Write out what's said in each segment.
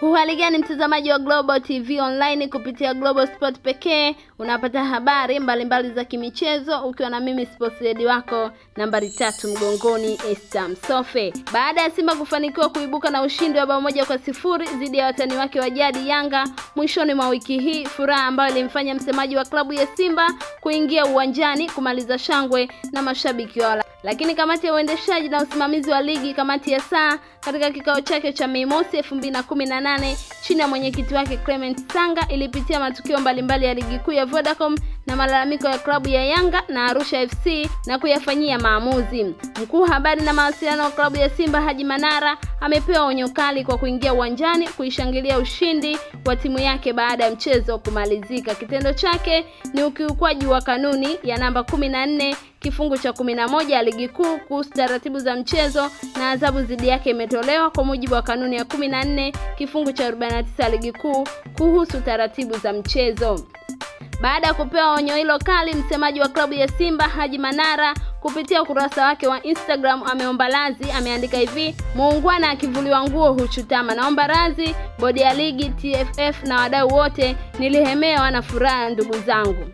huhaligani gani mtazamaji wa Global TV Online, kupitia Global Sport pekee unapata habari mbalimbali za kimichezo ukiwa na mimi sports lady wako nambari tatu mgongoni Esther Msofe. Baada ya Simba kufanikiwa kuibuka na ushindi wa bao moja kwa sifuri dhidi ya watani wake wa jadi Yanga mwishoni mwa wiki hii, furaha ambayo ilimfanya msemaji wa klabu ya Simba kuingia uwanjani kumaliza shangwe na mashabiki wao. Lakini kamati ya uendeshaji na usimamizi wa ligi, kamati ya saa, katika kikao chake cha Mei mosi 2018 chini ya mwenyekiti wake Clement Sanga ilipitia matukio mbalimbali mbali ya ligi kuu ya Vodacom na malalamiko ya klabu ya Yanga na Arusha FC na kuyafanyia maamuzi. Mkuu habari na mawasiliano wa klabu ya Simba Haji Manara amepewa onyo kali kwa kuingia uwanjani kuishangilia ushindi wa timu yake baada ya mchezo kumalizika. Kitendo chake ni ukiukwaji wa kanuni ya namba 14 kifungu cha 11 ya ligi kuu kuhusu taratibu za mchezo na adhabu dhidi yake imetolewa kwa mujibu wa kanuni ya 14 kifungu cha 49 ya ligi kuu kuhusu taratibu za mchezo. Baada ya kupewa onyo hilo kali, msemaji wa klabu ya Simba Haji Manara kupitia ukurasa wake wa Instagram ameomba radhi. Ameandika hivi: muungwana akivuliwa nguo huchutama, naomba radhi bodi ya ligi, TFF na wadau wote. Nilihemewa na furaha ndugu zangu,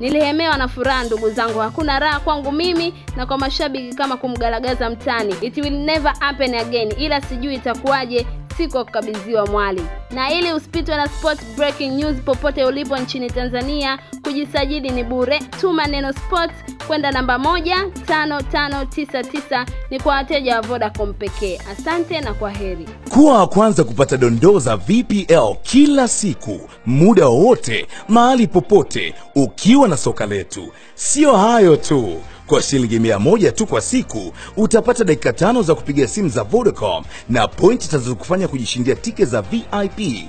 nilihemewa na furaha ndugu zangu. Hakuna raha kwangu mimi na kwa mashabiki kama kumgaragaza mtani. It will never happen again, ila sijui itakuwaje usiku wa kukabidhiwa mwali. Na ili usipitwe na sport breaking news popote ulipo nchini Tanzania, kujisajili ni bure. Tuma neno sport kwenda namba moja tano tano tisa tisa. Ni kwa wateja wa Vodacom pekee. Asante na kwa heri. Kuwa wa kwanza kupata dondoo za VPL kila siku, muda wowote, mahali popote, ukiwa na soka letu. Sio hayo tu kwa shilingi mia moja tu kwa siku utapata dakika tano za kupiga simu za Vodacom na pointi tazokufanya kujishindia tike za VIP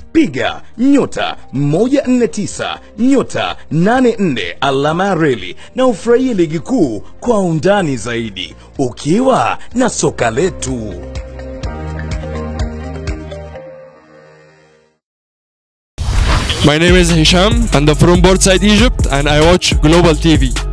piga nyota 149 nyota 84 alama ya reli na ufurahie ligi kuu kwa undani zaidi ukiwa na soka letu. My name is Hisham and I'm from Portside Egypt and I watch Global TV.